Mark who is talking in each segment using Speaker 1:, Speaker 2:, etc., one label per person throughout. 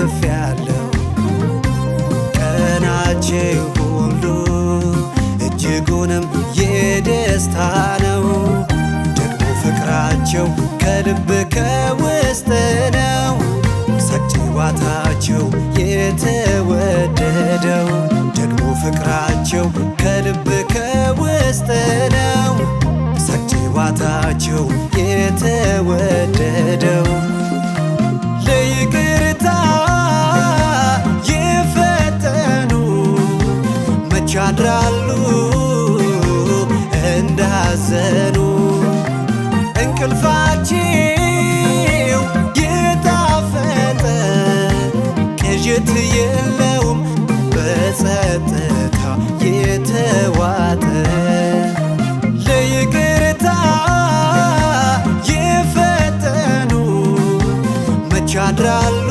Speaker 1: አልፍ ያለው ቀናቸው ሁሉ እጅጉንም የደስታ ነው። ደግሞ ፍቅራቸው ከልብ ከውስጥ ነው። ሳጭዋታቸው የተወደደው ደግሞ ፍቅራቸው ከልብ ሌሎች ያድራሉ እንዳዘኑ እንቅልፋቸው የጣፈጠ ቅዥት የለውም በጸጥታ የተዋጠ ለይቅርታ የፈጠኑ መቻድራሉ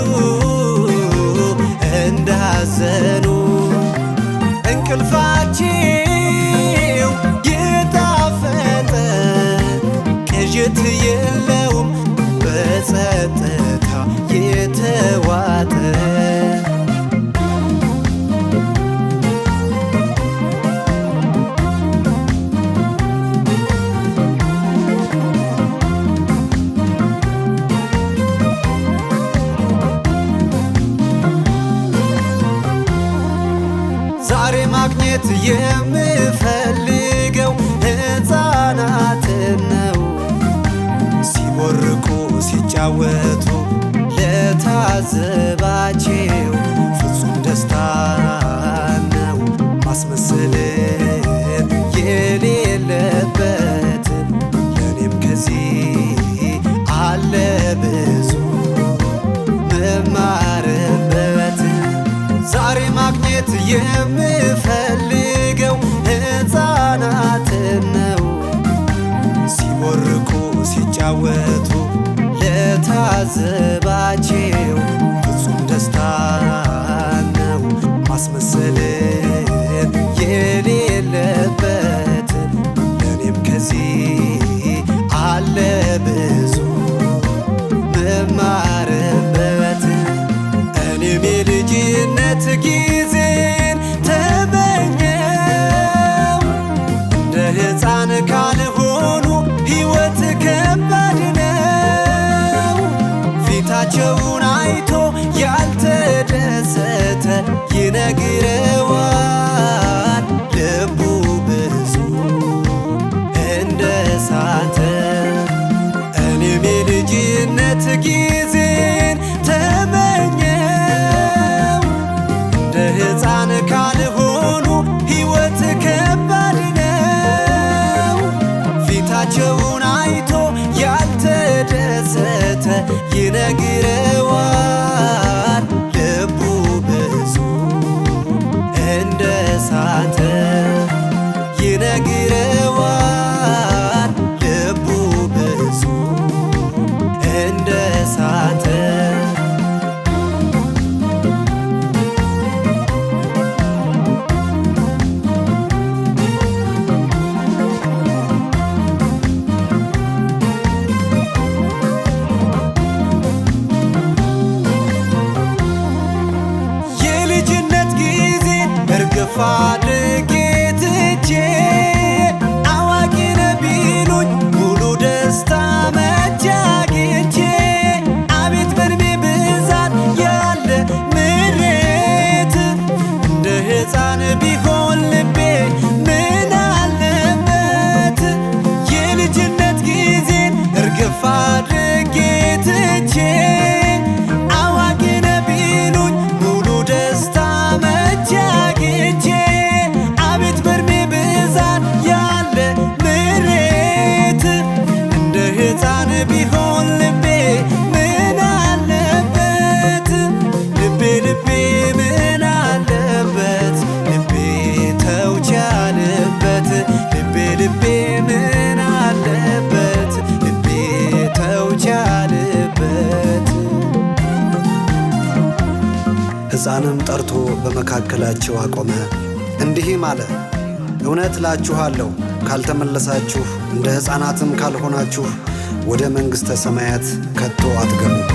Speaker 1: can fight you. ዛሬ ማግኘት የምፈልገው ሕፃናትን ነው። ሲቦርቁ ሲጫወቱ ለታዘባቸው ፍጹም ደስታ ነው ማስመሰልን የሌለበት ለእኔም ከዚህ አለብን ሲጫወቱ ለታዘባቸው ፍጹም ደስታ ነው ማስመሰልን የሌለበት። እኔም ከዚህ አለ ብዙ መማርበት እኔም የልጅነት ጊዜ ፊታቸውን አይቶ ያልተደሰተ ይነግረዋል ልቡ ብዙ እንደ ሳተ እኔም የልጅነት ጊዜ far
Speaker 2: ሕፃንም ጠርቶ በመካከላቸው አቆመ፣ እንዲህም አለ፣ እውነት እላችኋለሁ ካልተመለሳችሁ እንደ ሕፃናትም ካልሆናችሁ ወደ መንግሥተ ሰማያት ከቶ አትገቡ።